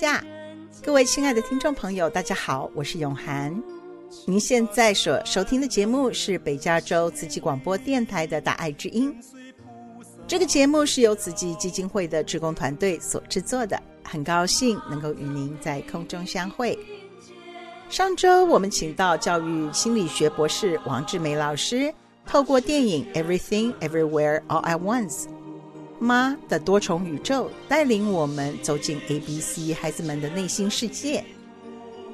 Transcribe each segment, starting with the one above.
下，各位親愛的聽眾朋友，大家好，我是詠涵。您現在所收聽的節目是北加州慈濟廣播電臺的《大愛知音》，這個節目是由慈濟基金會的志工團隊所制作的。很高興能夠與您在空中相會。上周我們請到教育心理學博士王智玫老師，透過電影《Everything Everywhere All at Once》。媽的多重宇宙帶領我們走進 ABC 孩子們的內心世界。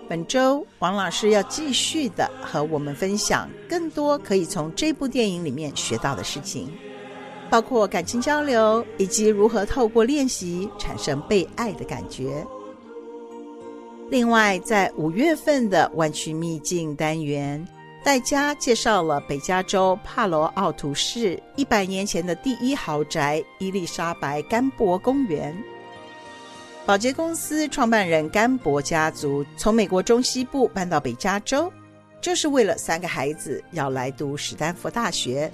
本周，王老師要繼續的和我們分享更多可以從這部電影裡面學到的事情，包括感情交流以及如何透過練習產生被愛的感覺。另外，在五月份的灣區秘境單元。岱佳介紹了北加州帕羅奧圖市一百年前的第一豪宅——伊麗莎白甘博公園。寶潔公司創辦人甘博家族從美國中西部搬到北加州，就是為了三個孩子要來讀史丹佛大學。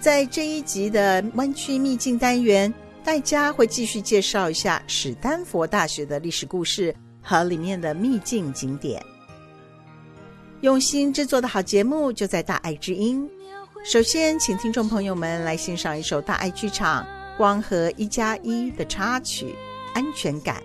在這一集的“灣區秘境”單元，岱佳會繼續介紹一下史丹佛大學的歷史故事和裡面的秘境景點。用心製作的好節目就在大愛知音。首先，請聽眾朋友們來欣賞一首《大愛劇場》《光和一加一》的插曲《安全感》。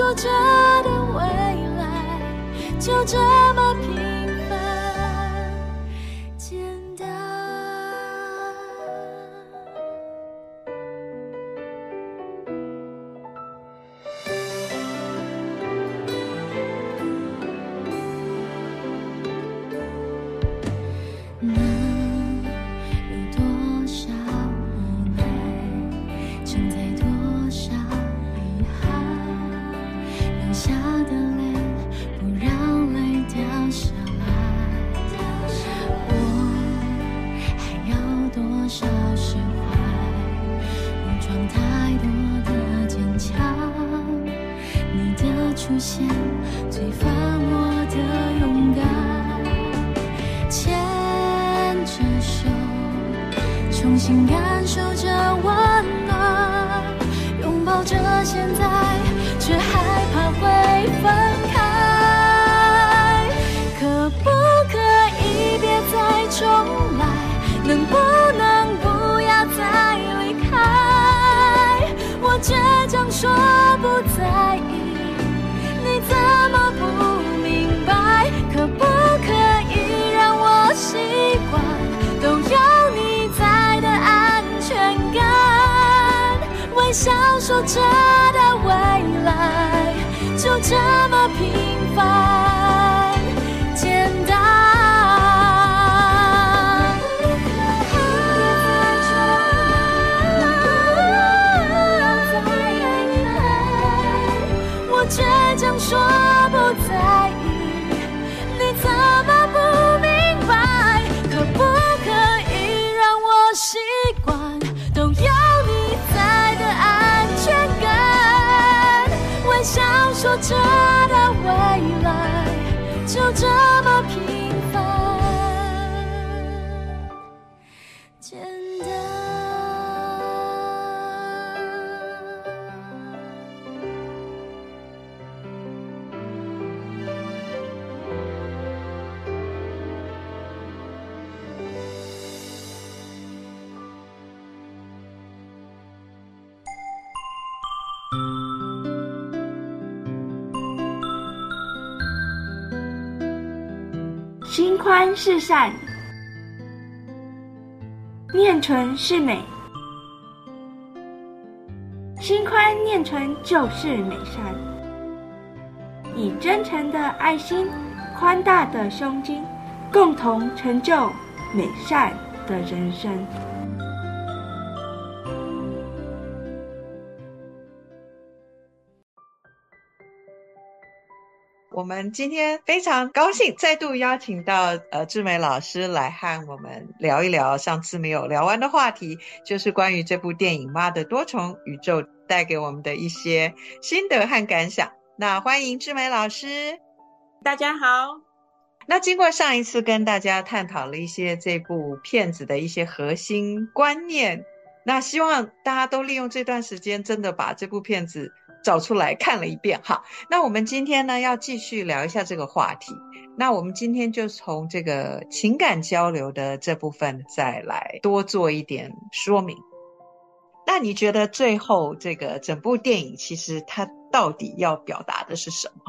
說着的未來，就這麼平。倔強說不在意，你怎麼不明白？可不可以讓我習慣都有你在的安全感？微笑說着的未來，就這是善，念純是美，心寬念純就是美善。以真誠的愛心，寬大的胸襟，共同成就美善的人生。我們今天非常高興，再度邀請到呃智玫老師來和我們聊一聊上次沒有聊完的話題，就是關於這部電影《媽的多重宇宙》帶給我們的一些心得和感想。那歡迎智玫老師，大家好。那經過上一次跟大家探討了一些這部片子的一些核心觀念，那希望大家都利用這段時間，真的把這部片子。找出來看了一遍哈，那我們今天呢要繼續聊一下這個話題。那我們今天就從這個情感交流的這部分再來多做一點說明。那你覺得最後這個整部電影其實它到底要表達的是什麼？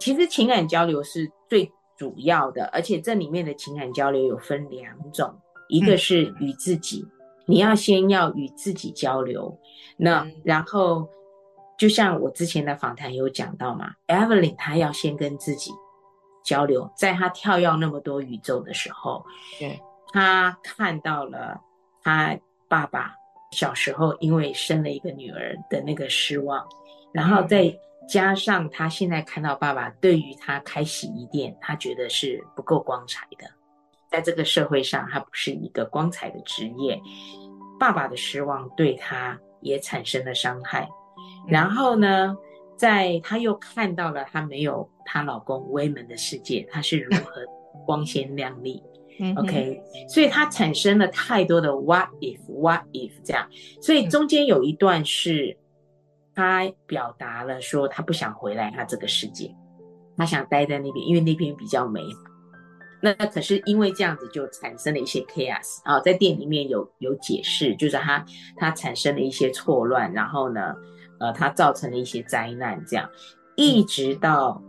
其實情感交流是最主要的，而且這裡面的情感交流有分兩種，一個是與自己，嗯、你要先要與自己交流，那、嗯、然後。就像我之前的訪談有講到嘛，Evelyn 她要先跟自己交流，在她跳躍那麼多宇宙的時候，對，她看到了她爸爸小時候因為生了一個女兒的那個失望，然後再加上她現在看到爸爸對於她開洗衣店，她覺得是不夠光彩的，在這個社會上，她不是一個光彩的職業，爸爸的失望對她也產生了傷害。然後呢，在她又看到了她沒有她老公威門的世界，她是如何光鮮亮麗 ？OK，所以她產生了太多的 What if，What if 這樣，所以中間有一段是她表達了說她不想回來她這個世界，她想待在那邊，因為那邊比較美。那可是因為這樣子就產生了一些 chaos 啊，在店裡面有有解釋，就是她她產生了一些錯亂，然後呢，呃，他造成了一些災難，這樣，一直到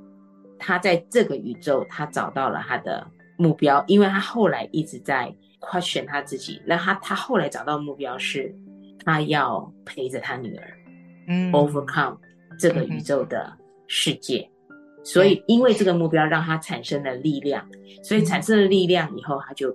他在這個宇宙，他找到了他的目標，因為他後來一直在 question 他自己。那他他後來找到目標是，他要陪着他女兒，嗯，overcome 這個宇宙的世界，嗯，所以因為這個目標讓他產生了力量，所以產生了力量以後，他就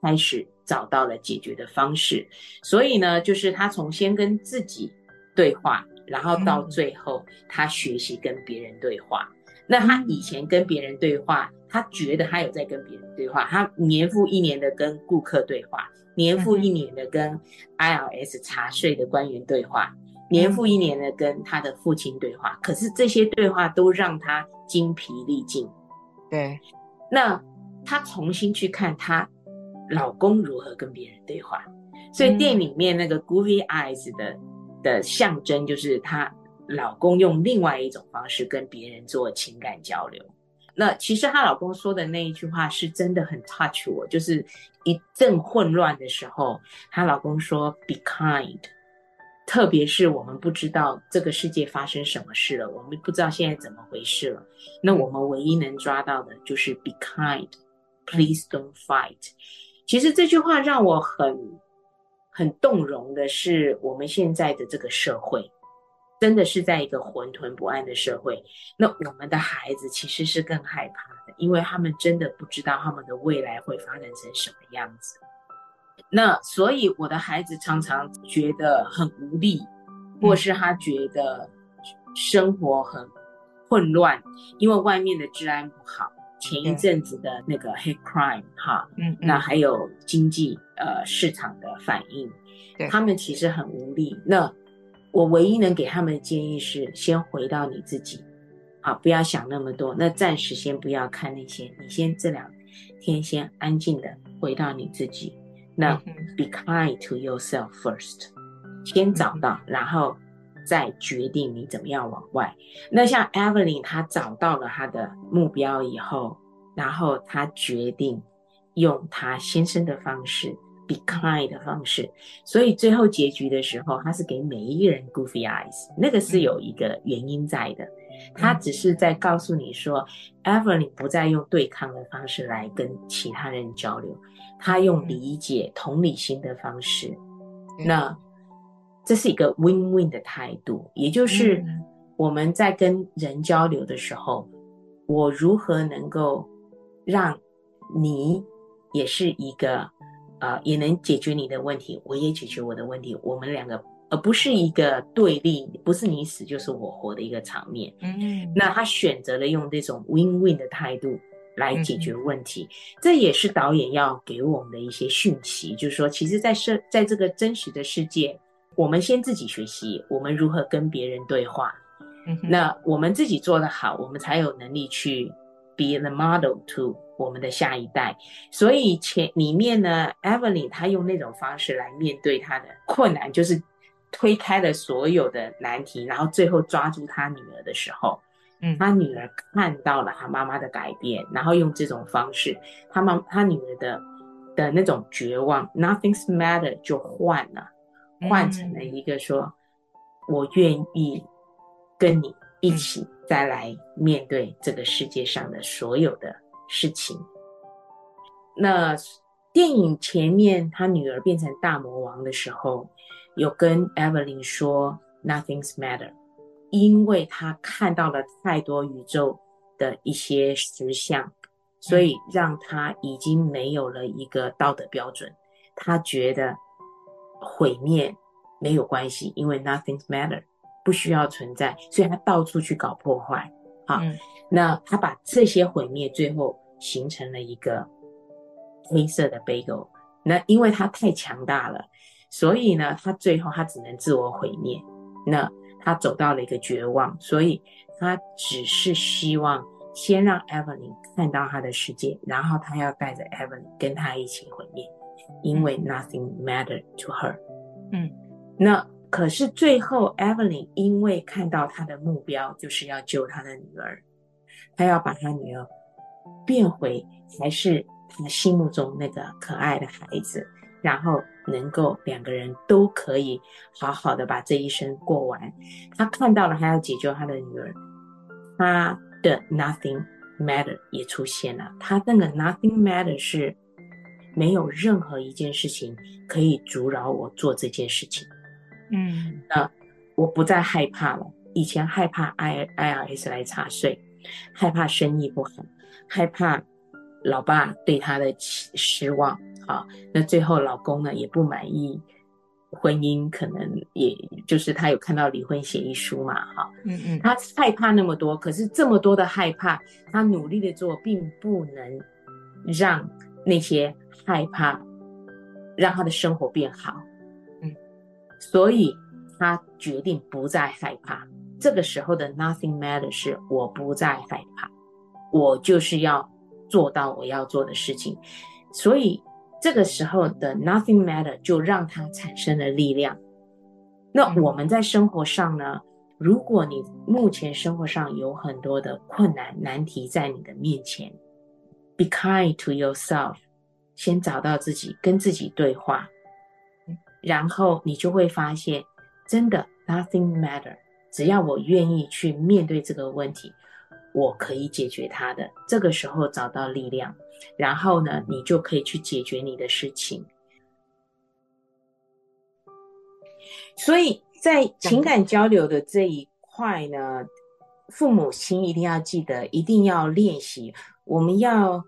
開始找到了解決的方式。所以呢，就是他從先跟自己對話。然後到最後，他學習跟別人對話，嗯。那他以前跟別人對話，嗯，他覺得他有在跟別人對話。他年復一年的跟顧客對話，年復一年的跟 IRS 查稅的官員對話，嗯，年復一年的跟他的父親對話，嗯。可是這些對話都讓他精疲力盡。對。那他重新去看他老公如何跟別人對話，嗯，所以電影裡面那個 Googly Eyes 的。的象徵就是她老公用另外一種方式跟別人做情感交流。那其實她老公說的那一句話是真的很 touch 我，就是一陣混亂的時候，她老公說 be kind。特別是我們不知道這個世界發生什麼事了，我們不知道現在怎麼回事了。那我們唯一能抓到的就是 be kind，please don't fight。其實這句話讓我很。很動容的是，我們現在的這個社會，真的是在一個混沌不安的社會。那我們的孩子其實是更害怕的，因為他們真的不知道他們的未來會發展成什麼樣子。那所以我的孩子常常覺得很無力，或是他覺得生活很混亂，因為外面的治安不好。前一陣子的那個 hate crime 哈，嗯,嗯，那還有經濟呃市場的反應，對，他們其實很無力。那我唯一能給他們的建議是，先回到你自己，好，不要想那麼多。那暫時先不要看那些，你先這兩天先安靜的回到你自己，那 be kind to yourself first，先找到，嗯嗯，然後。在決定你怎麼樣往外。那像 Evelyn，他找到了他的目標以後，然後他決定用他先生的方式，be kind 的方式。所以最後結局的時候，他是給每一個人 Goofy Eyes，那個是有一個原因在的。他、嗯、只是在告訴你說、嗯、，Evelyn 不再用對抗的方式來跟其他人交流，他用理解、同理心的方式。嗯、那。這是一個 win-win 的態度，也就是我們在跟人交流的時候、嗯，我如何能夠讓你也是一個，呃，也能解決你的問題，我也解決我的問題，我們兩個而、呃、不是一個對立，不是你死就是我活的一個場面。嗯，那他選擇了用這種 win-win 的態度來解決問題、嗯，這也是導演要給我們的一些訊息，就是說，其實，在是，在這個真實的世界。我們先自己學習，我們如何跟別人對話。Mm-hmm. 那我們自己做得好，我們才有能力去 be the model to 我們的下一代。所以前裡面呢，Evelyn 她用那種方式來面對她的困難，就是推開了所有的難題，然後最後抓住她女兒的時候，嗯，她女兒看到了她媽媽的改變，然後用這種方式，她媽她女兒的的那種絕望，nothing's matter 就換了。換成了一個說：“我願意跟你一起再來面對這個世界上的所有的事情。”那電影前面他女兒變成大魔王的時候，有跟 Evelyn 說 “Nothing's matter”，因為他看到了太多宇宙的一些實相，所以讓他已經沒有了一個道德標準，他覺得。毀滅沒有關係，因為 nothing's matter 不需要存在，所以他到處去搞破壞啊、嗯。那他把這些毀滅，最後形成了一個黑色的 bagel。那因為他太強大了，所以呢，他最後他只能自我毀滅。那他走到了一個絕望，所以他只是希望先讓 Evelyn 看到他的世界，然後他要帶着 Evelyn 跟他一起毀滅。因為 nothing matter to her，嗯，那可是最後 Evelyn 因為看到她的目標，就是要救她的女兒，她要把她女兒變回才是她心目中那個可愛的孩子，然後能夠兩個人都可以好好的把這一生過完。她看到了，她要解救她的女兒，她的 nothing matter 也出現了。她那個 nothing matter 是。沒有任何一件事情可以阻撓我做這件事情，嗯，那我不再害怕了。以前害怕 IRS 來查稅，害怕生意不好，害怕老爸對他的失望，好，那最後老公呢也不滿意，婚姻可能也就是他有看到離婚協議書嘛，哈，嗯嗯，他害怕那麼多，可是這麼多的害怕，他努力的做並不能讓那些。害怕，讓他的生活變好，嗯，所以他決定不再害怕。這個時候的 nothing matter 是我不再害怕，我就是要做到我要做的事情。所以這個時候的 nothing matter 就讓他產生了力量。那我們在生活上呢？如果你目前生活上有很多的困難難題在你的面前，be kind to yourself。先找到自己，跟自己對話，然後你就會發現，真的 nothing matter。只要我願意去面對這個問題，我可以解決它的。這個時候找到力量，然後呢，你就可以去解決你的事情。所以在情感交流的這一塊呢，嗯、父母親一定要記得，一定要練習，我們要。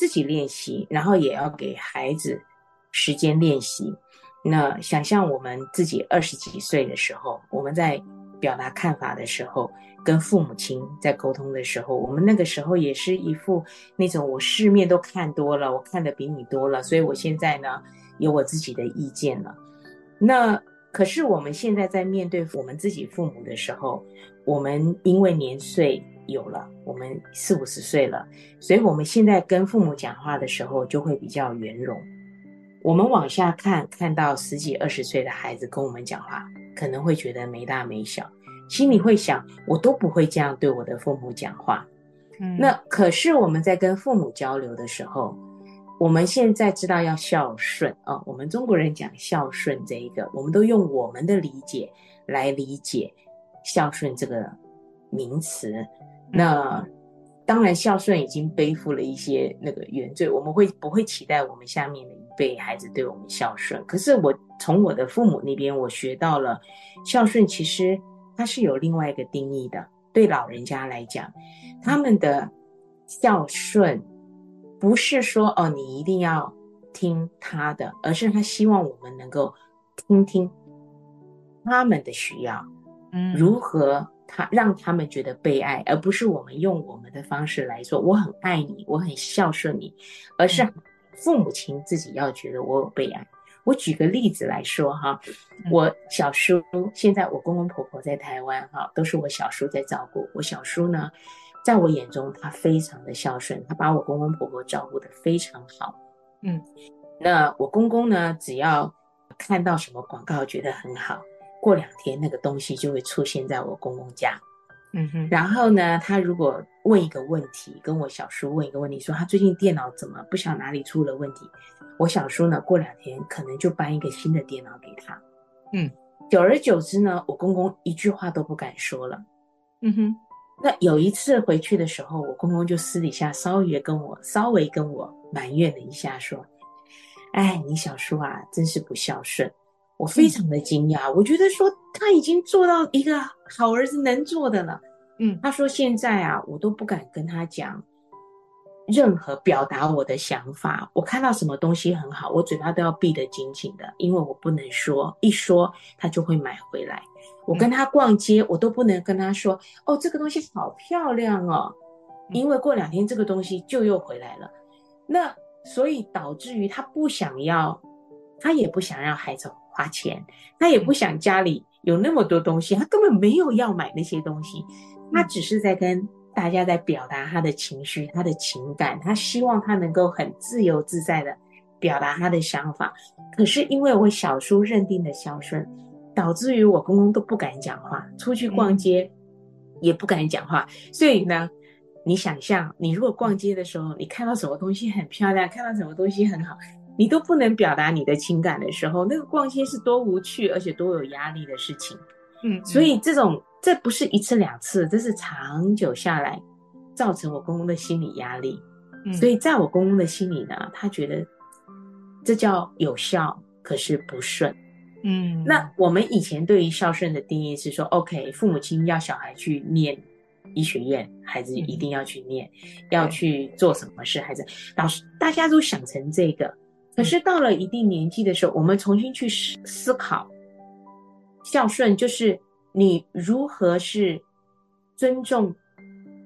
自己練習，然後也要給孩子時間練習。那想象我們自己二十幾歲的時候，我們在表達看法的時候，跟父母親在溝通的時候，我們那個時候也是一副那種我世面都看多了，我看的比你多了，所以我現在呢，有我自己的意見了。那可是我們現在在面對我們自己父母的時候，我們因為年歲，有了，我們四五十歲了，所以我們現在跟父母講話的時候就會比較圓融。我們往下看，看到十幾二十歲的孩子跟我們講話，可能會覺得沒大沒小，心裡會想，我都不會這樣對我的父母講話。嗯，那可是我們在跟父母交流的時候，我們現在知道要孝順啊。我們中國人講孝順這一個，我們都用我們的理解來理解孝順這個名詞。那當然，孝順已經背負了一些那個原罪。我們會不會期待我們下面的一輩孩子對我們孝順？可是我從我的父母那邊，我學到了孝順，其實它是有另外一個定義的。對老人家來講，他們的孝順不是說哦，你一定要聽他的，而是他希望我們能夠聽聽他們的需要，嗯，如何。他讓他們覺得被愛，而不是我們用我們的方式來說，我很愛你，我很孝順你，而是父母親自己要覺得我有被愛。我舉個例子來說哈，我小叔，現在我公公婆婆在台灣哈，都是我小叔在照顧。我小叔呢，在我眼中他非常的孝順，他把我公公婆婆照顧得非常好。嗯，那我公公呢，只要看到什麼廣告覺得很好。過兩天那個東西就會出現在我公公家，嗯哼。然後呢，他如果問一個問題，跟我小叔問一個問題，說他最近電腦怎麼不想，哪裡出了問題？我小叔呢，過兩天可能就搬一個新的電腦給他。嗯，久而久之呢，我公公一句話都不敢說了。嗯哼。那有一次回去的時候，我公公就私底下稍微跟我稍微跟我埋怨了一下，說：“哎，你小叔啊，真是不孝順。”我非常的驚訝、嗯，我覺得說他已經做到一個好兒子能做的了。嗯，他說現在啊，我都不敢跟他講任何表達我的想法。我看到什麼東西很好，我嘴巴都要閉得緊緊的，因為我不能說，一說他就會買回來。我跟他逛街，嗯、我都不能跟他說，哦，這個東西好漂亮哦、嗯，因為過兩天這個東西就又回來了。那所以導致於他不想要，他也不想讓孩子。花錢，他也不想家裡有那麼多東西，他根本沒有要買那些東西，他只是在跟大家在表達他的情緒，他的情感，他希望他能夠很自由自在的表達他的想法。可是因為我小叔認定的孝順，導致於我公公都不敢講話，出去逛街也不敢講話。所以呢，你想象，你如果逛街的時候，你看到什麼東西很漂亮，看到什麼東西很好，你都不能表達你的情感的時候，那個逛街是多無趣，而且多有壓力的事情。嗯，嗯，所以這種，這不是一次兩次，這是長久下來造成我公公的心理壓力。嗯，所以在我公公的心裡呢，他覺得這叫有孝，可是不順。嗯，那我們以前對於孝順的定義是說、嗯、OK，父母親要小孩去念醫學院，孩子一定要去念，嗯、要去做什麼事，孩子，老師，大家都想成這個。可是到了一定年紀的時候，我們重新去思思考，孝順就是你如何是尊重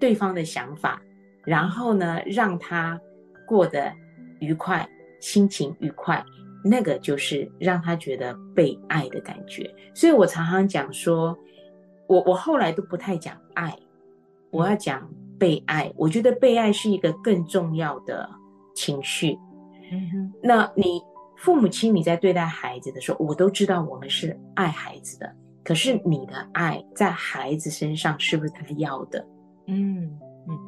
對方的想法，然後呢，讓他過得愉快，心情愉快，那個就是讓他覺得被愛的感覺。所以我常常講說，我我後來都不太講愛，我要講被愛。我覺得被愛是一個更重要的情緒。那你父母親，你在對待孩子的時候，我都知道我們是愛孩子的，可是你的愛在孩子身上是不是他要的？嗯嗯，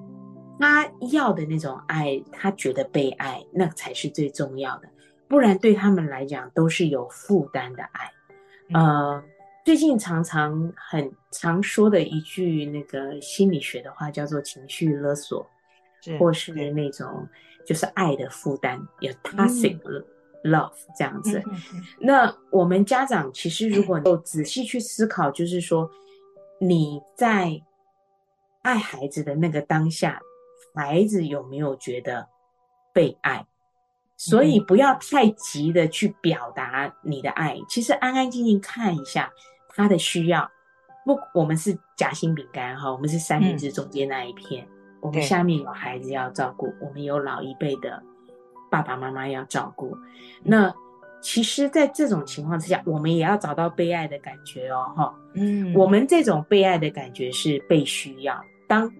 他要的那種愛，他覺得被愛，那個才是最重要的。不然對他們來講都是有負擔的愛。呃，嗯，最近常常很常說的一句那個心理學的話叫做情緒勒索，是，或是那種。就是愛的負擔，有 toxic love，嗯、這樣子，嗯嗯嗯。那我們家長其實如果能夠仔細去思考，就是說你在愛孩子的那個當下，孩子有沒有覺得被愛？所以不要太急的去表達你的愛，嗯。其實安安靜靜看一下他的需要。不，我們是夾心餅乾哈，我們是三明治中間那一片。嗯我們下面有孩子要照顧，我們有老一輩的爸爸媽媽要照顧。那其實，在這種情況之下，我們也要找到被愛的感覺哦，哈，嗯，我們這種被愛的感覺是被需要。當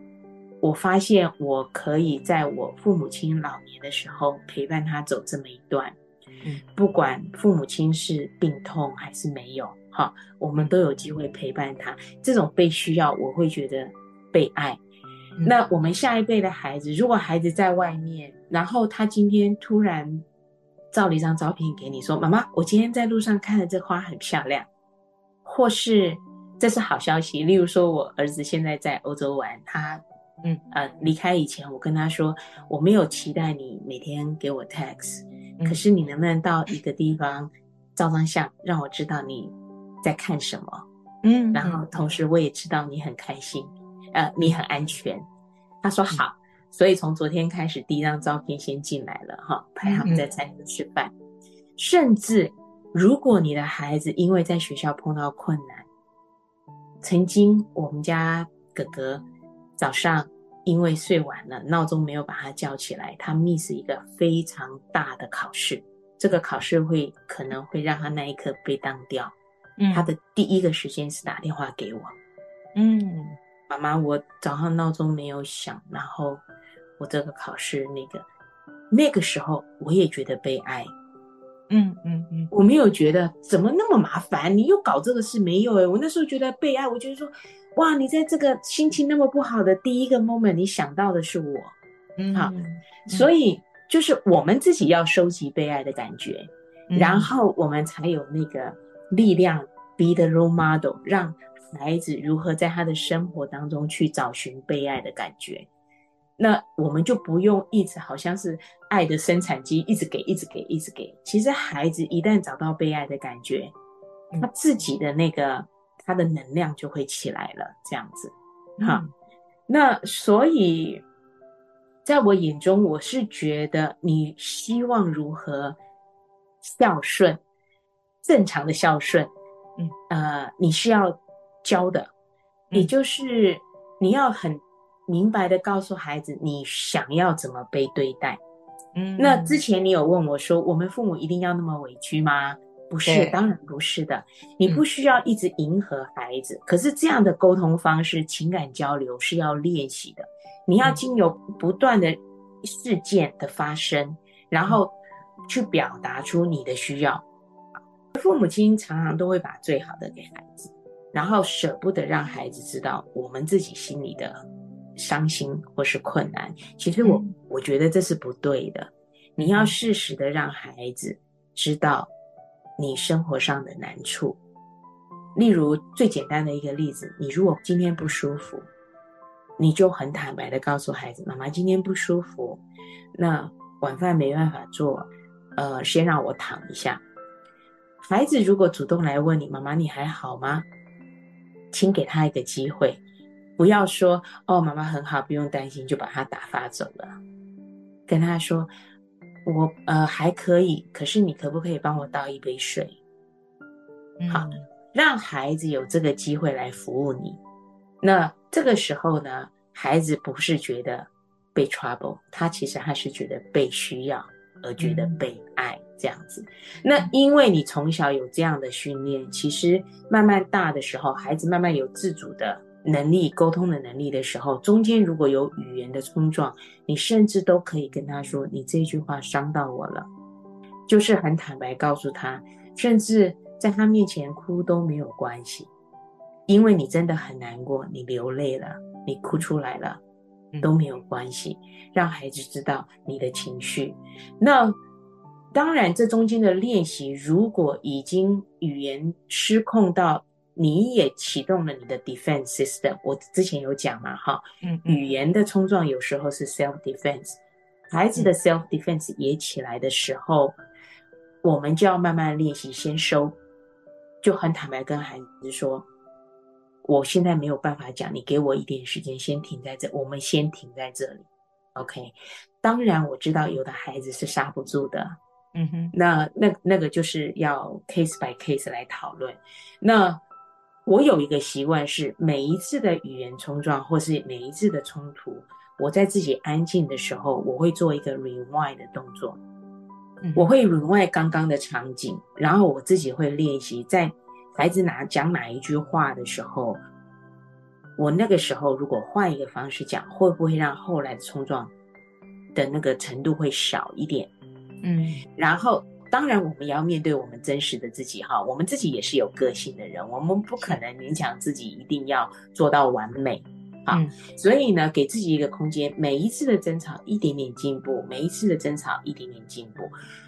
我發現我可以在我父母親老年的時候陪伴他走這麼一段，嗯，不管父母親是病痛還是沒有，哈，我們都有機會陪伴他。這種被需要，我會覺得被愛。那我們下一輩的孩子，如果孩子在外面，然後他今天突然照了一張照片給你，說：“媽媽，我今天在路上看了這花很漂亮。”或是這是好消息，例如說，我兒子現在在歐洲玩，他嗯呃離開以前，我跟他說：“我沒有期待你每天給我 text，嗯，可是你能不能到一個地方照張相，讓我知道你在看什麼？嗯，嗯，然後同時我也知道你很開心。”呃，你很安全，他說好，嗯，所以從昨天開始，第一張照片先進來了哈，拍，哦，他們在餐廳吃飯。嗯嗯，甚至如果你的孩子因為在學校碰到困難，曾經我們家哥哥早上因為睡晚了，鬧鐘沒有把他叫起來，他 miss 一個非常大的考試，這個考試會可能會讓他那一刻被當掉，嗯。他的第一個時間是打電話給我，嗯。嗯媽媽，我早上鬧鐘沒有響，然後我這個考試那個，那個時候我也覺得被愛，嗯嗯嗯，我沒有覺得怎麼那麼麻煩，你又搞這個事沒有、欸，我那時候覺得被愛，我覺得說，哇，你在這個心情那麼不好的第一個 moment，你想到的是我，嗯，好，嗯嗯、所以就是我們自己要收集被愛的感覺，嗯、然後我們才有那個力量 be the role model 讓孩子如何在他的生活當中去找尋被愛的感覺？那我們就不用一直好像是愛的生產機，一直給，一直給，一直給。其實孩子一旦找到被愛的感覺，他自己的那個、嗯、他的能量就會起來了。這樣子，哈、啊嗯。那所以，在我眼中，我是覺得你希望如何孝順，正常的孝順，嗯，呃，你需要。教的，也就是你要很明白的告訴孩子，你想要怎麼被對待。嗯，那之前你有問我說，我們父母一定要那麼委屈嗎？不是，當然不是的。你不需要一直迎合孩子，嗯，可是這樣的溝通方式、情感交流是要練習的。你要經由不斷的事件的發生，嗯，然後去表達出你的需要。父母親常常都會把最好的給孩子。然後捨不得讓孩子知道我們自己心裡的傷心或是困難，其實我我覺得這是不對的。你要適時的讓孩子知道你生活上的難處，例如最簡單的一個例子，你如果今天不舒服，你就很坦白的告訴孩子：“媽媽今天不舒服，那晚飯沒辦法做，呃，先讓我躺一下。”孩子如果主動來問你：“媽媽你還好嗎？”請給他一個機會，不要說哦，媽媽很好，不用擔心，就把他打發走了。跟他說，我呃還可以，可是你可不可以幫我倒一杯水？好，讓孩子有這個機會來服務你。那這個時候呢，孩子不是覺得被 trouble，他其實他是覺得被需要。而覺得被愛這樣子，那因為你從小有這樣的訓練，其實慢慢大的時候，孩子慢慢有自主的能力、溝通的能力的時候，中間如果有語言的衝撞，你甚至都可以跟他說：“你這句話傷到我了。”就是很坦白告訴他，甚至在他面前哭都沒有關係，因為你真的很難過，你流淚了，你哭出來了。都沒有關係，讓孩子知道你的情緒。那當然，這中間的練習，如果已經語言失控到你也啟動了你的 defense system，我之前有講嘛，哈，嗯，語言的衝撞有時候是 self defense，孩子的 self defense 也起來的時候，嗯。我們就要慢慢練習先收，就很坦白跟孩子說。我現在沒有辦法講，你給我一點時間，先停在這，我們先停在這裡，OK。當然，我知道有的孩子是剎不住的，嗯哼。那那那個就是要 case by case 來討論。那我有一個習慣是，每一次的語言衝撞或是每一次的衝突，我在自己安靜的時候，我會做一個 rewind 的動作，嗯、我會 rewind 剛剛的場景，然後我自己會練習在。孩子哪講哪一句話的時候，我那個時候如果換一個方式講，會不會讓後來的衝撞的那個程度會小一點？嗯。然後，當然，我們也要面對我們真實的自己哈。我們自己也是有個性的人，我們不可能勉強自己一定要做到完美啊，嗯。所以呢，給自己一個空間，每一次的爭吵一點點進步，每一次的爭吵一點點進步。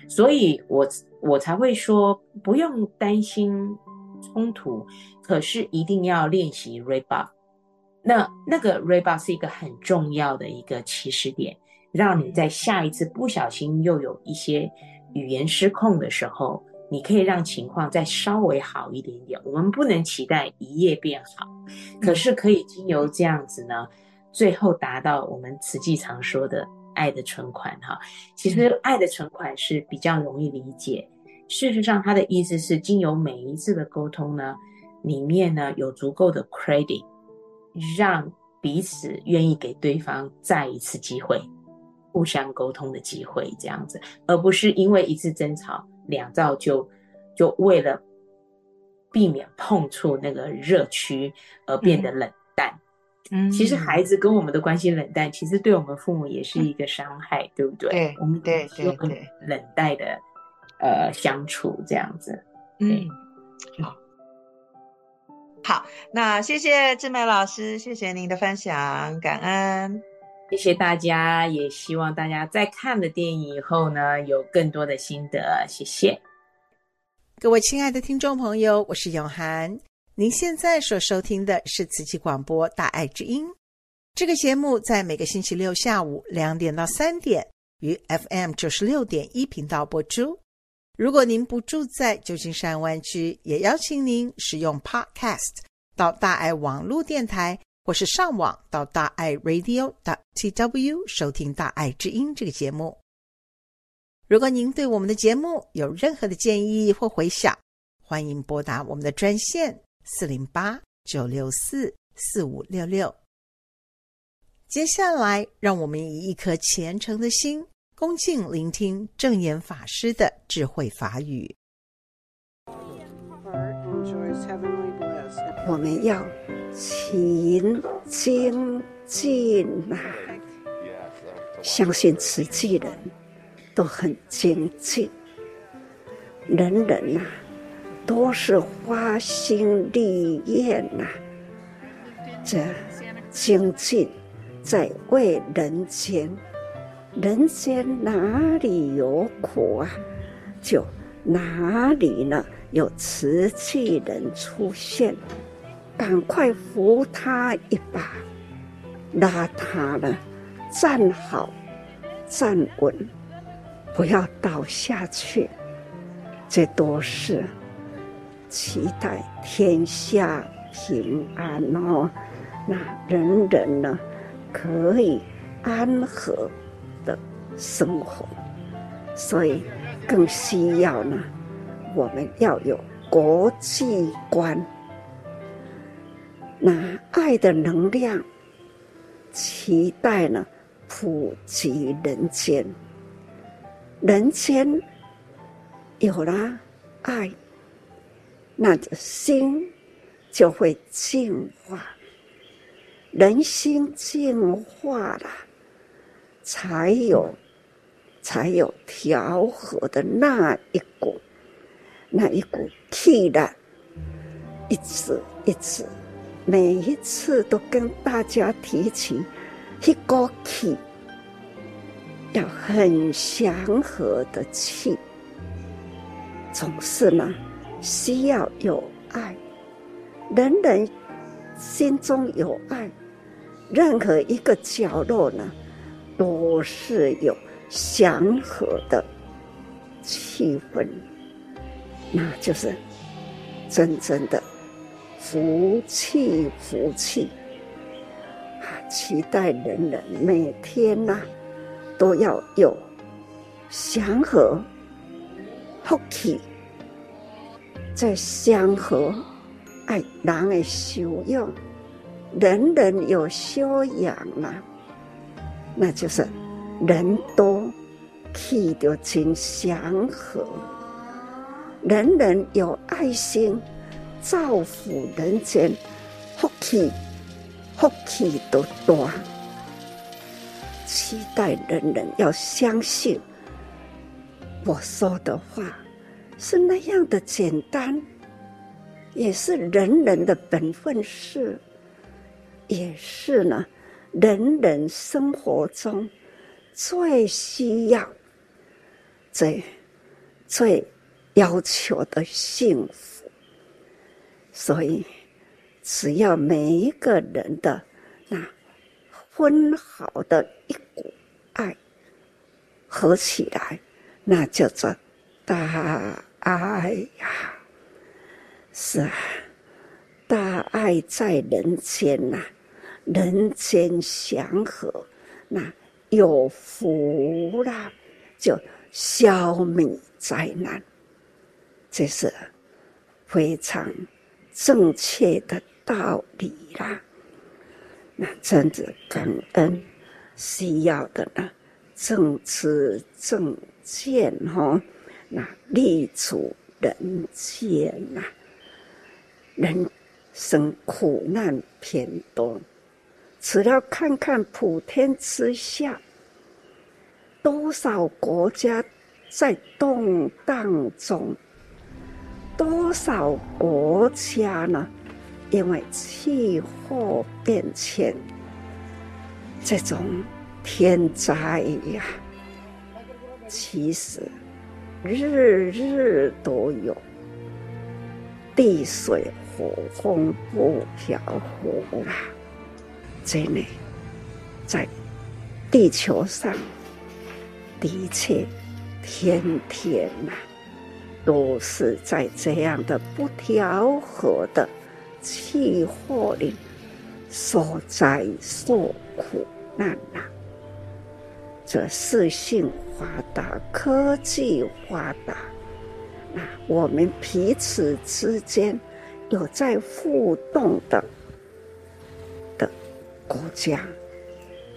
所以我我才會說，不用擔心。衝突，可是一定要練習 rebound 那那個 rebound 是一個很重要的一個起始點，讓你在下一次不小心又有一些語言失控的時候，你可以讓情況再稍微好一點點。我們不能期待一夜變好，可是可以經由這樣子呢，最後達到我們慈濟常說的“愛的存款”哈。其實“愛的存款”是比較容易理解。事實上，他的意思是，經由每一次的溝通呢，裡面呢有足夠的 credit，讓彼此願意給對方再一次機會，互相溝通的機會，這樣子，而不是因為一次爭吵，兩造就就為了避免碰觸那個熱區而變得冷淡。嗯，其實孩子跟我們的關係冷淡，嗯、其實對我們父母也是一個傷害，嗯、對不對？對，我們都有個冷淡的。呃，相處這樣子，嗯，好，好，那謝謝智玫老師，謝謝您的分享，感恩，謝謝大家，也希望大家在看了電影以後呢，有更多的心得，謝謝。各位親愛的聽眾朋友，我是詠涵，您現在所收聽的是慈濟廣播《大愛知音》這個節目，在每個星期六下午兩點到三點於 FM 九十六點一頻道播出。如果您不住在舊金山灣區，也邀請您使用 Podcast 到大愛網絡電台，或是上網到大愛 Radio.tw 收聽《大愛知音》這個節目。如果您對我們的節目有任何的建議或迴響，歡迎撥打我們的專線四零八九六四四五六六。接下來，讓我們以一顆虔誠的心，恭敬聆聽證嚴法師的智慧法語。我們要勤精進吶，相信慈濟人都很精進。人人吶、啊，都是花心綠葉吶，這精進在為人前，人間哪裡有苦啊，就哪裡呢有慈濟人出現，趕快扶他一把，拉他呢，站好，站穩，不要倒下去。這都是期待天下平安哦，那人人呢可以安和。生活，所以更需要呢。我們要有國際觀，那愛的能量，期待呢普及人間。人間有了愛，那這心就會淨化。人心淨化了，才有。才有調和的那一股，那一股氣的，一次一次，每一次都跟大家提起,起，一股氣要很祥和的氣，總是呢需要有愛，人人心中有愛，任何一個角落呢都是有。祥和的氣氛，那就是真正的福氣。福氣啊，期待人人每天吶、啊、都要有祥和福氣，在祥和愛人的修養，人人有修養了，啊，那就是。人多，氣就成祥和；人人有愛心，造福人間，福氣福氣都多。期待人人要相信我說的話，是那樣的簡單，也是人人的本分事，也是呢，人人生活中，最需要、最最要求的幸福，所以只要每一個人的那分毫的一股愛合起來，那叫做大愛呀。是啊，大愛在人間吶、啊，人間祥和那。有福啦，就消滅災難，這是非常正確的道理啦。那真正感恩需要的呢，正知正見哈、哦，那立足人間吶、啊，人生苦難偏多。只要看看普天之下，多少國家在動盪中，多少國家呢？因為氣候變遷，這種天災呀、啊，其實日日都有，地水火風不調和。啊。這裡，在地球上，的確，天天吶、啊，都是在這樣的不調和的氣候裡受災受苦難吶、啊。這資訊發達，科技發達，那我們彼此之間有在互動的。國家，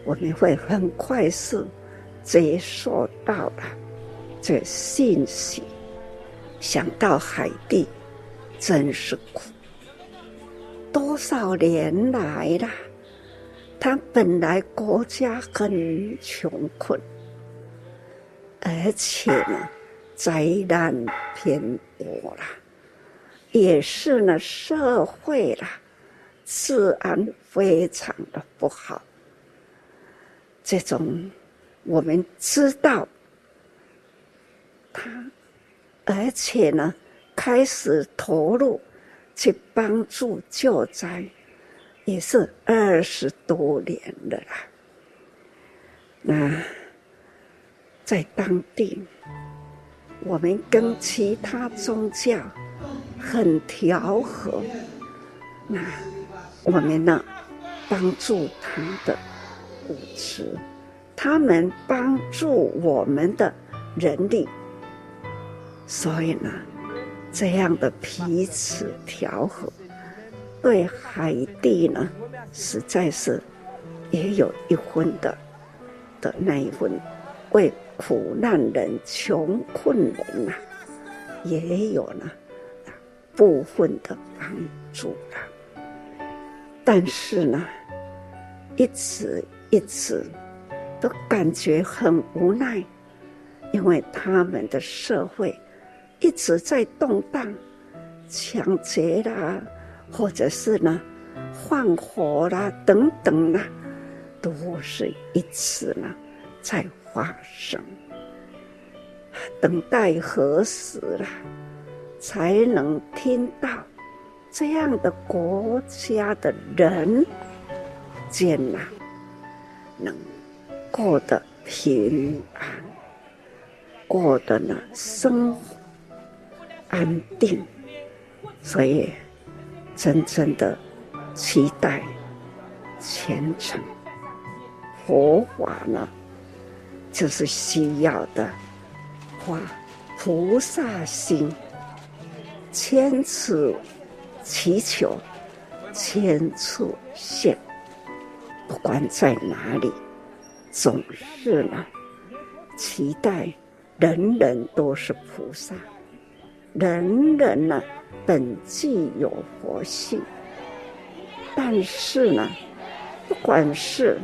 我們會很快速接收到的這信息。想到海地，真是苦。多少年來了，他本來國家很窮困，而且呢，災難偏多啦，也是呢，社會啦。治安非常的不好，這種我們知道，他而且呢，開始投入去幫助救災，也是二十多年了啦。那在當地，我們跟其他宗教很調和。那。我們呢，幫助他們的物質；他們幫助我們的人力。所以呢，這樣的彼此調和，對海地呢，實在是也有一分的的那一份，為苦難人、窮困人吶、啊，也有呢部分的幫助了。但是呢，一直一直，都感覺很無奈，因為他們的社會一直在動盪，搶劫啦，或者是呢，放火啦，等等啦，都是一次呢在發生。等待何時啦，才能聽到？這樣的國家的人，艱難能過得平安，過得呢生活安定，所以真正的期待虔誠佛法呢，就是需要的花菩薩心千尺，祈求、千處現，不管在哪裡，總是呢，期待人人都是菩薩，人人呢本具有佛性，但是呢，不管是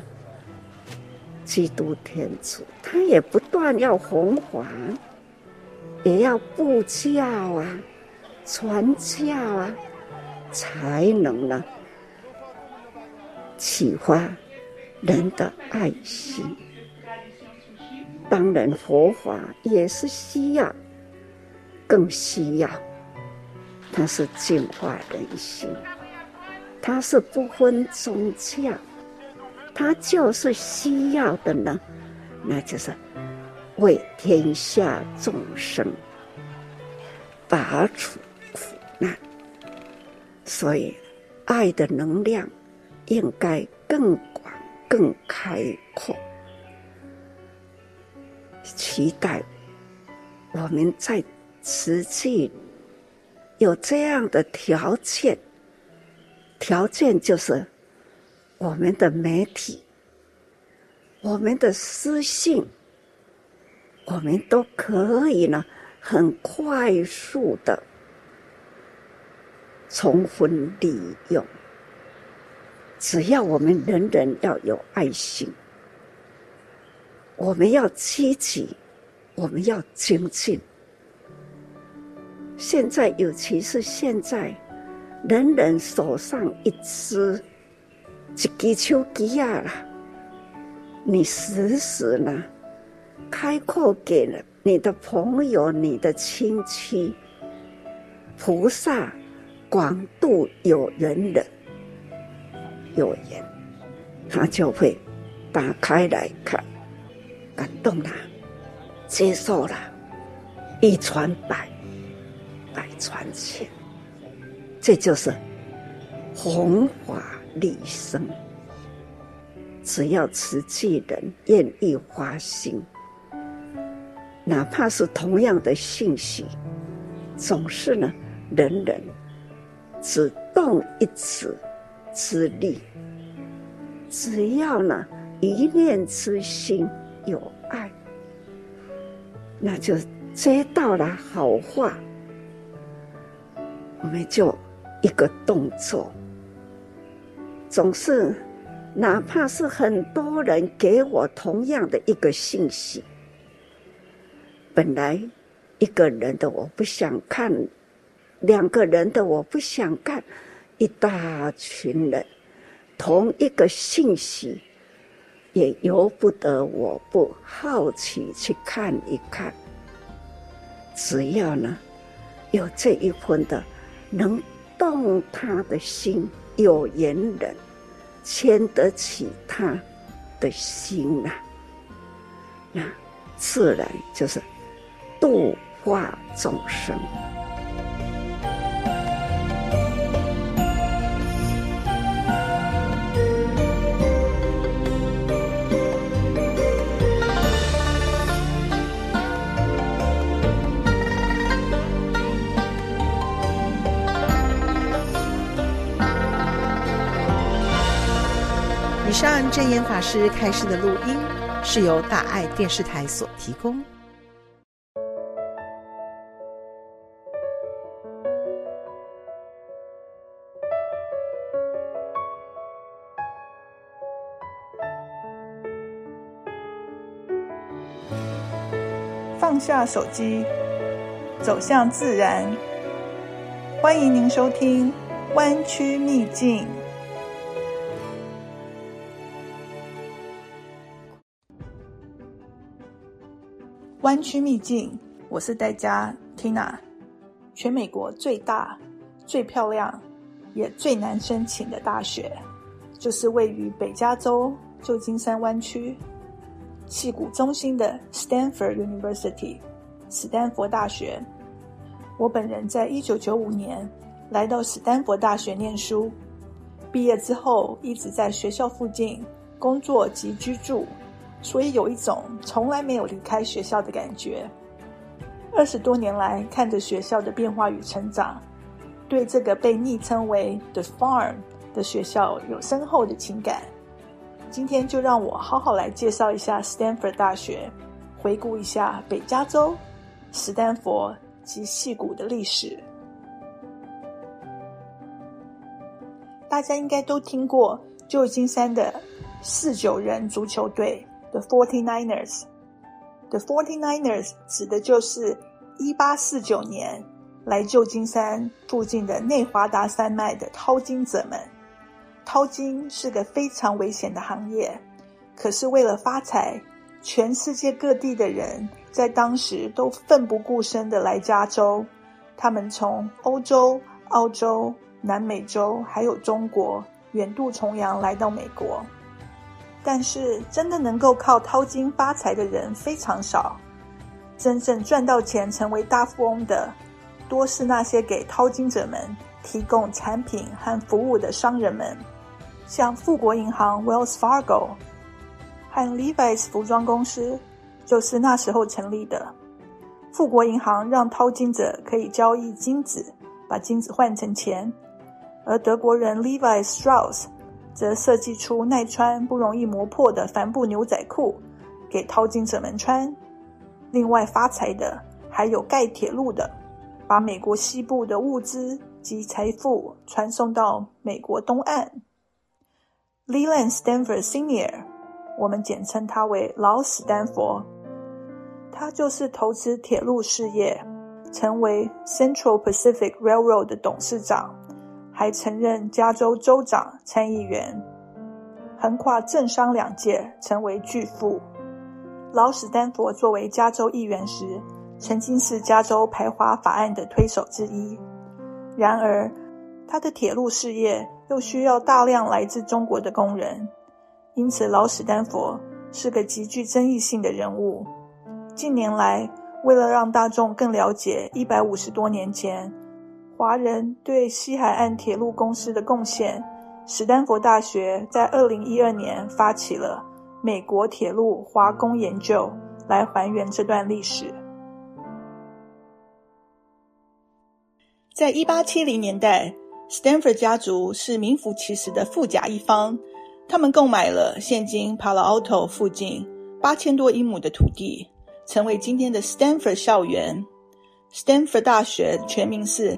基督、天主，他也不斷要弘法，也要布教啊，傳教啊。才能呢，啟發人的愛心。當然，佛法也是需要，更需要，它是淨化人心，它是不分宗教，它就是需要的呢，那就是為天下眾生拔除苦難。所以，愛的能量應該更廣、更開闊。期待我們在實際有這樣的條件，條件就是我們的媒體、我們的私信，我們都可以呢，很快速的。重複利用，只要我們人人要有愛心，我們要積極，我們要精進。現在，尤其是現在，人人手上一支，一支手機啊，你時時呢，開闊給了你的朋友、你的親戚、菩薩。廣度有緣人，人，有緣，他就會打開來看，感動啦，接受了，一傳百，百傳千，這就是弘法利生。只要持器人願意發心，哪怕是同樣的信息，總是呢，人人。只動一指之力，只要呢一念之心有愛，那就接到了好話。我們就一個動作，總是哪怕是很多人給我同樣的一個信息，本來一個人的我不想看。兩個人的我不想看，一大群人，同一個信息，也由不得我不好奇去看一看。只要呢，有這一份的能動他的心，有緣人牽得起他的心啊，那自然就是度化眾生。上證嚴法師開示的錄音是由大愛電視台所提供。放下手機，走向自然。歡迎您收聽《灣區秘境》。灣區秘境，我是岱佳 Tina。全美國最大、最漂亮、也最難申請的大學，就是位於北加州舊金山灣區矽谷中心的 Stanford University（ 史丹佛大學）。我本人在一九九五年來到史丹佛大學念書，畢業之後一直在學校附近工作及居住。所以有一種從來沒有離開學校的感覺。二十多年來看着學校的變化與成長，對這個被昵稱為 “the farm” 的學校有深厚的情感。今天就讓我好好來介紹一下 Stanford 大學，回顧一下北加州、史丹佛及矽谷的歷史。大家應該都聽過舊金山的四九人足球隊。Forty Niners，The Forty Niners 指的就是一八四九年來舊金山附近的內華達山脈的淘金者們。淘金是個非常危險的行業，可是為了發財，全世界各地的人在當時都奮不顧身的來加州。他們從歐洲、澳洲、南美洲還有中國遠渡重洋來到美國。但是，真的能夠靠淘金發財的人非常少，真正賺到錢成為大富翁的，多是那些給淘金者們提供產品和服務的商人們，像富國銀行 （Wells Fargo） 和 Levi's 服裝公司，就是那時候成立的。富國銀行讓淘金者可以交易金子，把金子換成錢，而德國人 Levi Strauss。則設計出耐穿、不容易磨破的帆布牛仔褲，給淘金者們穿。另外發財的還有蓋鐵路的，把美國西部的物資及財富傳送到美國東岸。Leland Stanford Sr.，我們簡稱他為老史丹佛，他就是投資鐵路事業，成為 Central Pacific Railroad 的董事長。還曾任加州州長、參議員，橫跨政商兩界，成為巨富。老史丹佛作為加州議員時，曾經是加州排華法案的推手之一。然而，他的鐵路事業又需要大量來自中國的工人，因此老史丹佛是個極具爭議性的人物。近年來，為了讓大眾更了解一百五十多年前，華人對西海岸鐵路公司的貢獻，史丹佛大學在二零一二年發起了美國鐵路華工研究，來還原這段歷史。在一八七零年代，Stanford 家族是名副其實的富甲一方，他們購買了現今帕羅奧圖附近八千多英畝的土地，成為今天的 Stanford 校園。Stanford 大學全名是。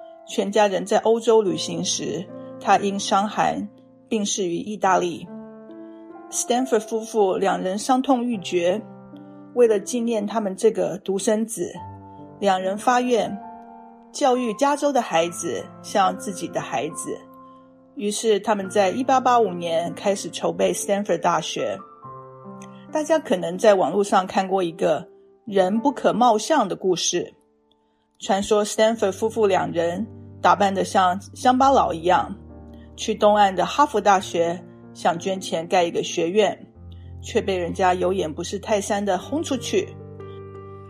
全家人在歐洲旅行時，他因傷寒病逝於意大利。Stanford 夫婦兩人傷痛欲絕，為了紀念他們這個獨生子，兩人發願教育加州的孩子像自己的孩子。於是，他們在1885年開始籌備 Stanford 大學。大家可能在網絡上看過一個“人不可貌相”的故事。傳說 Stanford 夫婦兩人打扮得像鄉巴佬一樣，去東岸的哈佛大學想捐錢蓋一個學院，卻被人家有眼不識泰山的轟出去。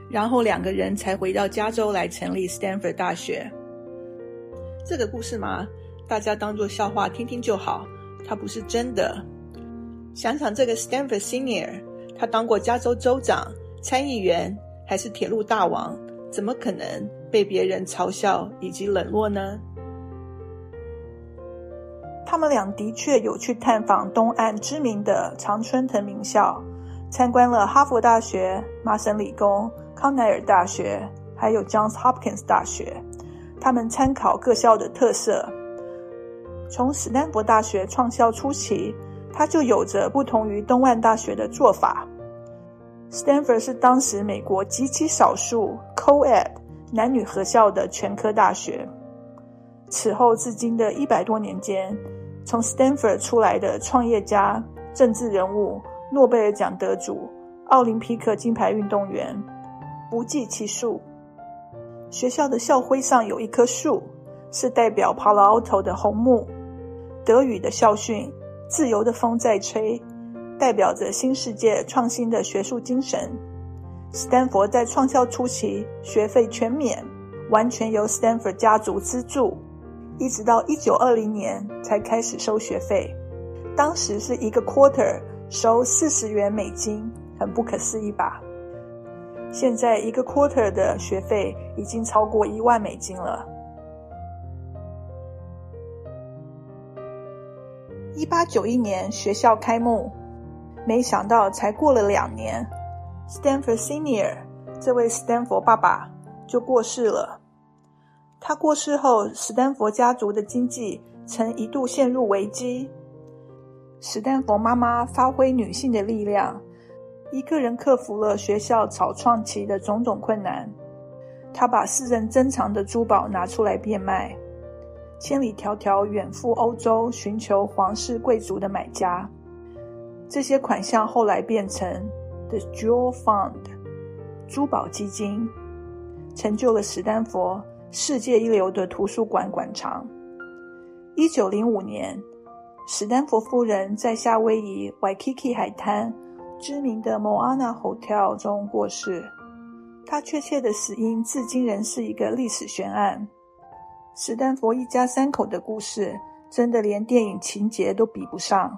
然後兩個人才回到加州來成立 Stanford 大學。這個故事嘛，大家當作笑話聽聽就好，它不是真的。想想這個 Stanford Senior，他當過加州州長、參議員，還是鐵路大王，怎麼可能？被別人嘲笑以及冷落呢？他們倆的確有去探訪東岸知名的常春藤名校，參觀了哈佛大學、麻省理工、康奈爾大學，還有 Johns Hopkins 大學。他們參考各校的特色。從史丹佛大學創校初期，它就有着不同於東岸大學的做法。Stanford 是當時美國極其少數 Coed，男女合校的全科大學，此後至今的一百多年間，從 Stanford 出來的創業家、政治人物、諾貝爾獎得主、奧林匹克金牌運動員，不計其數。學校的校徽上有一棵樹，是代表 Palo Alto 的紅木。德語的校訓“自由的風在吹”，代表着新世界創新的學術精神。Stanford 在創校初期學費全免，完全由 Stanford 家族資助，一直到一九二零年才開始收學費，當時是一個 quarter 收四十元美金，很不可思議吧？現在一個 quarter 的學費已經超過一萬美金了。一八九一年學校開幕，沒想到才過了兩年，Stanford Senior 這位史丹佛爸爸就過世了。他過世後，史丹佛家族的經濟曾一度陷入危機。史丹佛媽媽發揮女性的力量，一個人克服了學校草創期的種種困難。她把私人珍藏的珠寶拿出來變賣，千里迢迢遠赴歐洲尋求皇室貴族的買家。這些款項後來變成，The Jewel Fund（ 珠寶基金）成就了史丹佛世界一流的圖書館館藏。一九零五年，史丹佛夫人在夏威夷 Waikiki 海灘知名的 Moana Hotel 中過世。她確切的死因至今仍是一個歷史懸案。史丹佛一家三口的故事，真的連電影情節都比不上。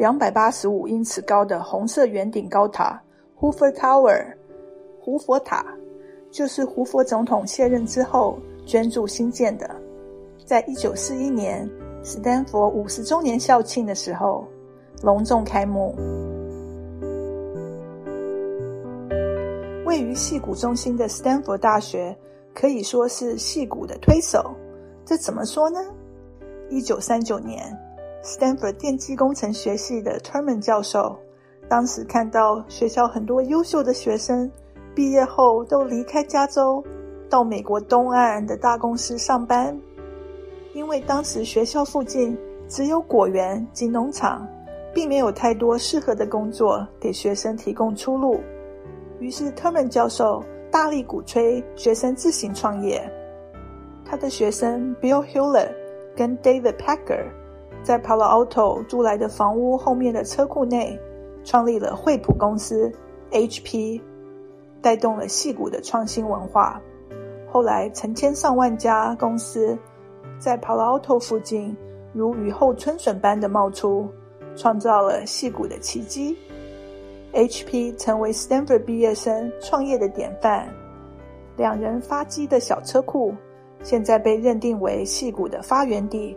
兩百八十五英尺高的紅色圓頂高塔 ——Hoover Tower，胡佛塔，就是胡佛總統卸任之後捐助興建的。在一九四一年，斯坦福五十周年校慶的時候，隆重開幕。位於矽谷中心的斯坦福大學可以說是矽谷的推手。這怎麼說呢？一九三九年。Stanford 電機工程學系的 Terman 教授，當時看到學校很多優秀的學生畢業後都離開加州，到美國東岸的大公司上班，因為當時學校附近只有果園及農場，並沒有太多適合的工作給學生提供出路，於是 Terman 教授大力鼓吹學生自行創業。他的學生 Bill Hewlett 跟 David Packard。在 Palo Alto 租來的房屋後面的車庫內，創立了惠普公司 （HP），帶動了矽谷的創新文化。後來，成千上萬家公司在 Palo Alto 附近如雨後春筍般的冒出，創造了矽谷的奇蹟。HP 成為 Stanford 畢業生創業的典範。兩人發跡的小車庫，現在被認定為矽谷的發源地。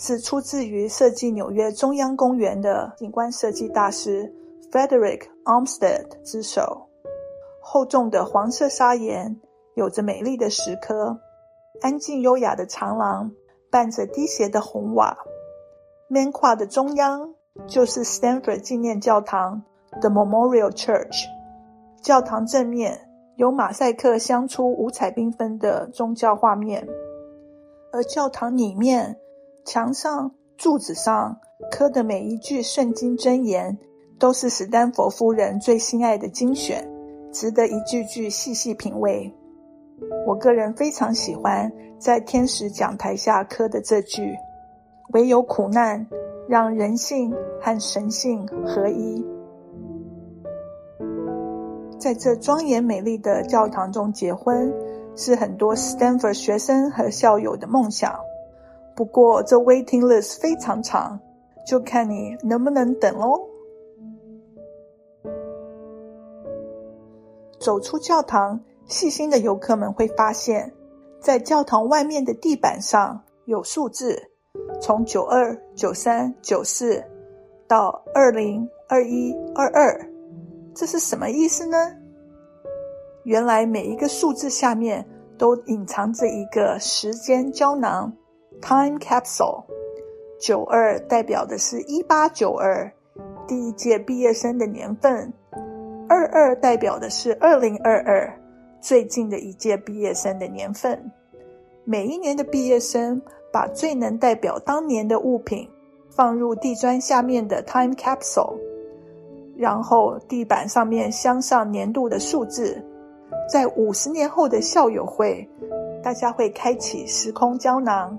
是出自於設計紐約中央公園的景觀設計大師 Frederick Olmsted 之手。厚重的黃色砂岩，有着美麗的石刻，安靜優雅的長廊，伴着低斜的紅瓦。曼跨的中央就是 Stanford 紀念教堂 （The Memorial Church）。教堂正面有馬賽克鑲出五彩繽紛的宗教畫面，而教堂裡面。牆上柱子上刻的每一句聖經箴言，都是史丹佛夫人最心愛的精選，值得一句句細細品味。我個人非常喜歡在天使講台下刻的這句：“唯有苦難，讓人性和神性合一。”在這莊嚴美麗的教堂中結婚，是很多史丹佛學生和校友的夢想。不過，這 waiting list 非常長，就看你能不能等咯。走出教堂，細心的遊客們會發現，在教堂外面的地板上有數字，從九二、九三、九四，到二零、二一、二二，這是什麼意思呢？原來，每一個數字下面都隱藏着一個時間膠囊。Time capsule，九二代表的是一八九二第一屆畢業生的年份，二二代表的是二零二二最近的一屆畢業生的年份。每一年的畢業生把最能代表當年的物品放入地磚下面的 Time capsule，然後地板上面鑲上年度的數字。在五十年後的校友會，大家會開啟時空膠囊，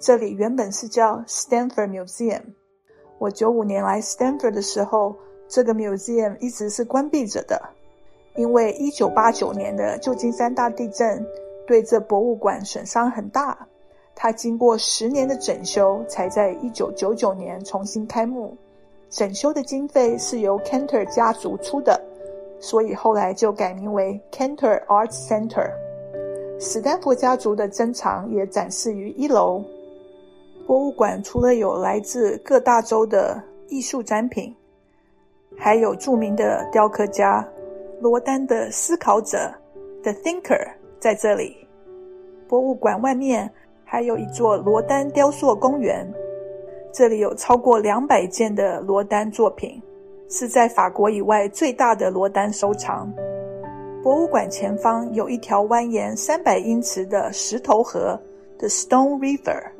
這裡原本是叫 Stanford Museum。我九五年來 Stanford 的時候，這個 Museum 一直是關閉着的，因為一九八九年的舊金山大地震對這博物館損傷很大。它經過十年的整修，才在一九九九年重新開幕。整修的經費是由 Cantor 家族出的，所以後來就改名為 Cantor Arts Center。史丹福家族的珍藏也展示於一樓。博物館除了有來自各大洲的藝術展品，還有著名的雕刻家羅丹的《思考者》（The Thinker） 在這裡。博物館外面還有一座羅丹雕塑公園，這裡有超過兩百件的羅丹作品，是在法國以外最大的羅丹收藏。博物館前方有一條蜿蜒三百英尺的石頭河 （The Stone River）。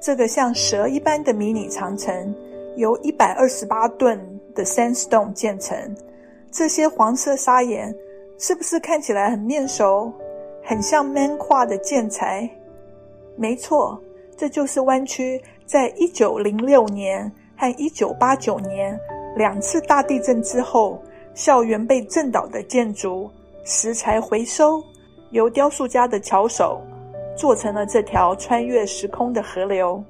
這個像蛇一般的迷你長城，由一百二十八噸的 sandstone 建成。這些黃色砂岩，是不是看起來很面熟，很像 Main Quad 的建材？沒錯，這就是灣區在1906年和1989年兩次大地震之後，校園被震倒的建築，石材回收，由雕塑家的巧手。做成了這條穿越時空的河流。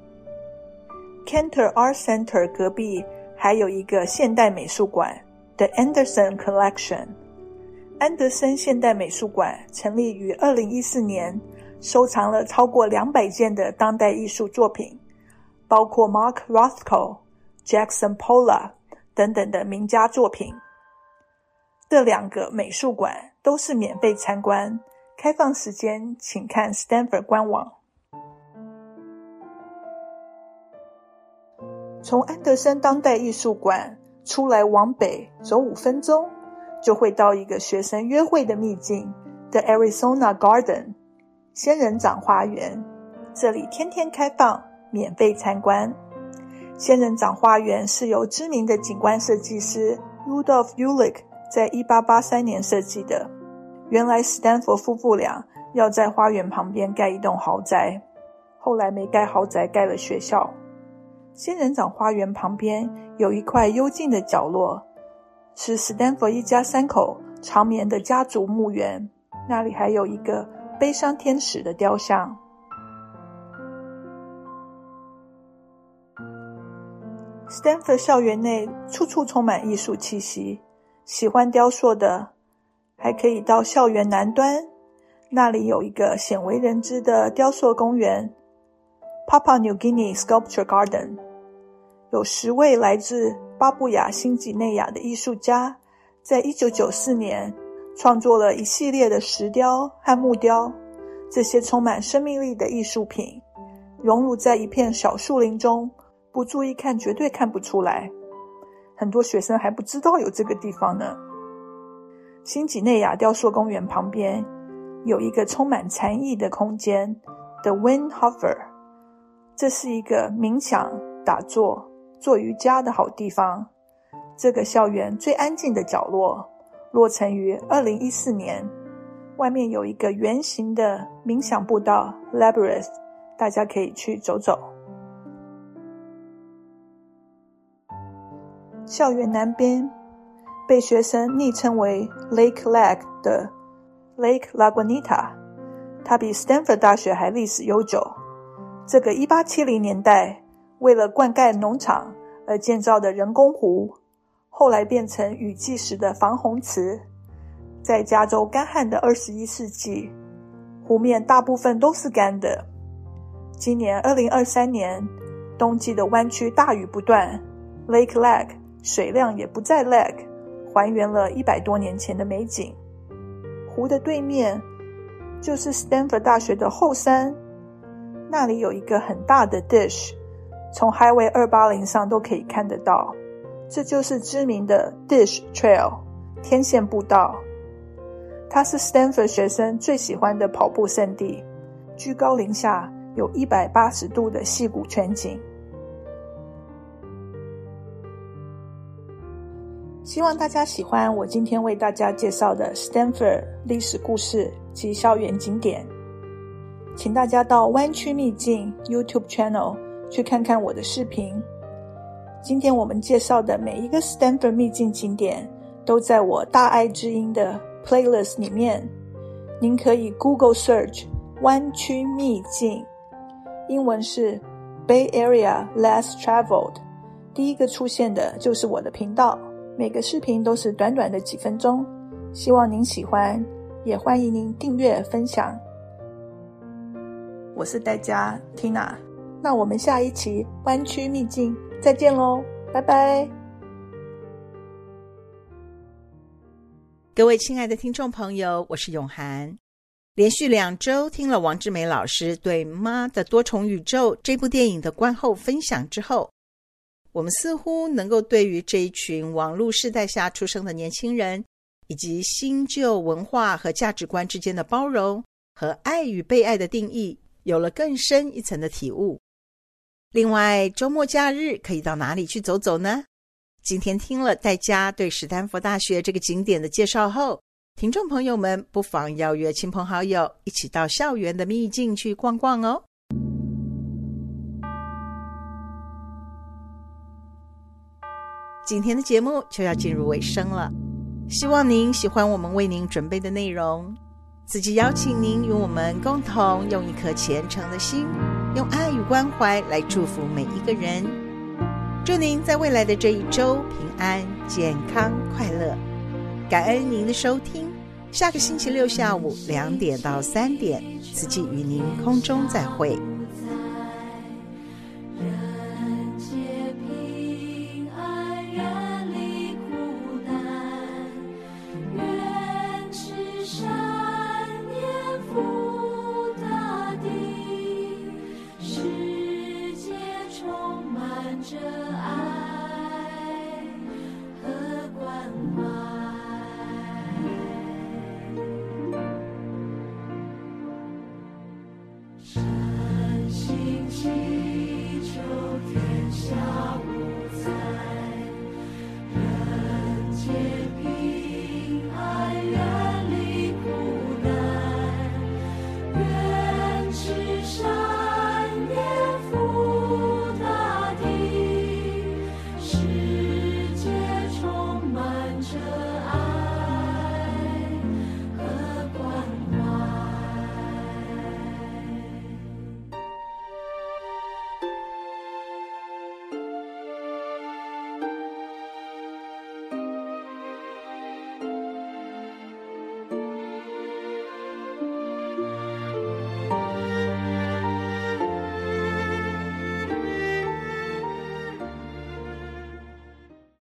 Cantor Art Center 隔壁還有一個現代美術館，The Anderson Collection。安德森現代美術館成立於二零一四年，收藏了超過兩百件的當代藝術作品，包括 Mark Rothko、Jackson Pollock 等等的名家作品。這兩個美術館都是免費參觀。開放時間，請看 Stanford 官網。從安德森當代藝術館出來，往北走五分鐘，就會到一個學生約會的秘境 ——The Arizona Garden（ 仙人掌花園）。這裡天天開放，免費參觀。仙人掌花園是由知名的景觀設計師 Rudolph Ulrich 在1883年設計的。原來史丹佛夫婦倆要在花園旁邊蓋一棟豪宅，後來沒蓋豪宅，蓋了學校。仙人掌花園旁邊有一塊幽靜的角落，是史丹佛一家三口長眠的家族墓園，那裡還有一個悲傷天使的雕像。史丹佛校園內處處充滿藝術氣息，喜歡雕塑的。還可以到校園南端，那裡有一個鮮為人知的雕塑公園，Papa New Guinea Sculpture Garden。有十位來自巴布亞新幾內亞的藝術家，在一九九四年創作了一系列的石雕和木雕。這些充滿生命力的藝術品融入在一片小樹林中，不注意看絕對看不出來。很多學生還不知道有這個地方呢。新幾內亞雕塑公園旁邊有一個充滿禪意的空間，The Windhover，這是一個冥想、打坐、做瑜伽的好地方。這個校園最安靜的角落落成於二零一四年，外面有一個圓形的冥想步道 Labyrinth，大家可以去走走。校園南邊。被學生昵稱為 Lake Lag 的 Lake Lagunita 它比 Stanford 大學還歷史悠久。這個1870年代為了灌溉農場而建造的人工湖，後來變成雨季時的防洪池。在加州乾旱的21世紀，湖面大部分都是乾的。今年2023年冬季的灣區大雨不斷，Lake Lag 水量也不再 lag。還原了一百多年前的美景。湖的對面就是 Stanford 大學的後山，那裡有一個很大的 Dish，從 Highway 280上都可以看得到。這就是知名的 Dish Trail 天線步道，它是 Stanford 學生最喜歡的跑步聖地。居高臨下，有一百八十度的矽谷全景。希望大家喜歡我今天為大家介紹的 Stanford 歷史故事及校園景點。請大家到灣區秘境 YouTube Channel 去看看我的視頻。今天我們介紹的每一個 Stanford 秘境景點，都在我大愛知音的 Playlist 裡面。您可以 Google Search 灣區秘境，英文是 Bay Area Less Traveled，第一個出現的就是我的頻道。每個視頻都是短短的幾分鐘，希望您喜歡，也歡迎您訂閱分享。我是岱佳 Tina，那我們下一期灣區秘境再見嘍，拜拜！各位親愛的聽眾朋友，我是詠涵。連續兩周聽了王智玫老師對《媽的多重宇宙》這部電影的觀後分享之後，我們似乎能夠對於這一群網絡世代下出生的年輕人，以及新舊文化和價值觀之間的包容和愛與被愛的定義，有了更深一層的體悟。另外，週末假日可以到哪裡去走走呢？今天聽了岱佳對史丹佛大學這個景點的介紹後，聽眾朋友們不妨邀約親朋好友一起到校園的秘境去逛逛哦。今天的節目就要進入尾聲了，希望您喜歡我們為您準備的內容。此季邀請您與我們共同用一顆虔誠的心，用愛與關懷來祝福每一個人。祝您在未來的這一周平安、健康、快樂。感恩您的收聽，下個星期六下午兩點到三點，此季與您空中再會。